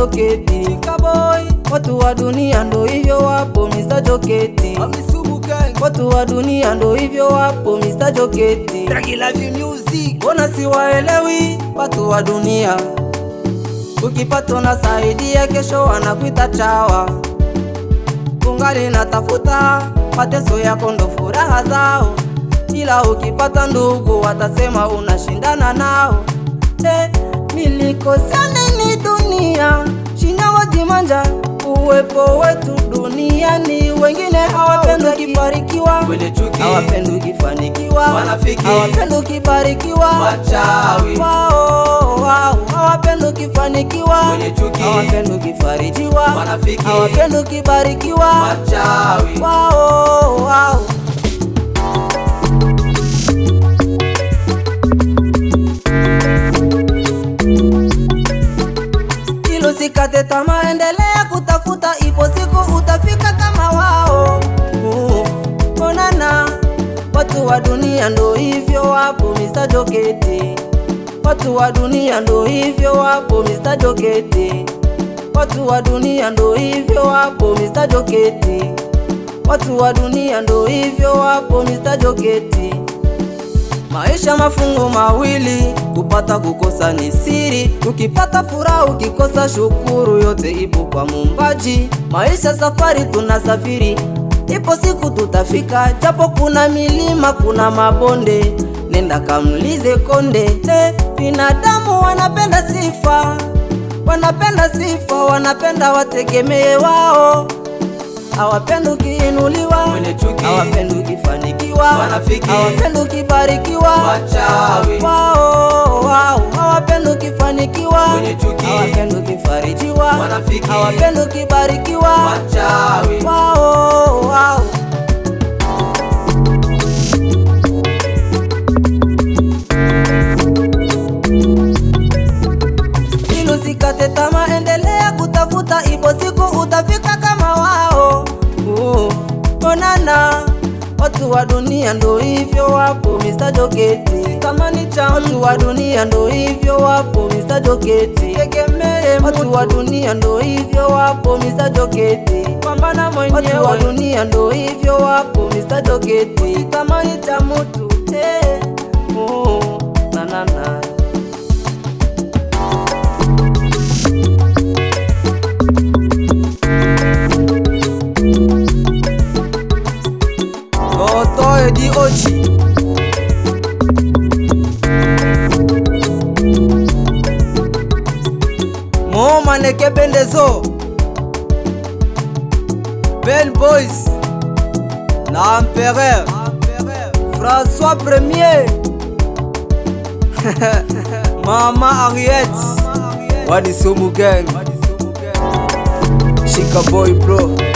Joketi kaboy, watu wa dunia ndo hivyo wapo, Mr Joketi watu wa dunia ndo hivyo wapo, Mr Joketi bona siwaelewi watu wa dunia, ukipata na saidia, kesho wanakuita chawa, kungali na tafuta mateso yako ndo furaha zao, ila ukipata ndugu watasema unashindana nao. Hey, miliko uwepo wetu duniani. Wengine hawapendi kibarikiwa, hawapendi kifanikiwa, hawapendi kibarikiwa, hawapendi kifanikiwa, hawapendi kifarijiwa, hawapendi kibarikiwa wao endelea kutafuta, ipo siku utafika kama wao. Oh, onana watu wa dunia ndo hivyo wapo, Mr. Joketi. Watu wa dunia ndo hivyo wapo, Mr. Joketi. Watu wa dunia ndo hivyo wapo, Mr. Joketi. Watu wa dunia ndo hivyo wapo, Mr. Joketi. Maisha mafungo mawili, kupata kukosa ni siri. Ukipata furaha, ukikosa shukuru, yote ipo kwa Muumbaji. Maisha safari, tunasafiri, ipo siku tutafika, japo kuna milima, kuna mabonde. Nenda kamlize konde. Binadamu wanapenda sifa, wanapenda sifa, wanapenda wategemee wao hawapendi ukiinuliwa, hawapendi ukifanikiwa, hawapendi ukibarikiwa, hawapendi ukifanikiwa, hawapendi ukifarijiwa, hawapendi ukibarikiwa dunia ndo hivyo wapo Mr. Joketi, kama ni cha watu wa dunia ndo hivyo wapo Mr. Joketi, tegemee watu wa dunia ndo hivyo wapo Mr. Joketi, pambana mwenyewe watu wa dunia ndo hivyo wapo Mr. Joketi, kama ni cha OG. Mon mannequin Bendezo. Belle Boys. L'empereur. François Premier. Maman Ariette. Wadisumu gang. Chica boy bro.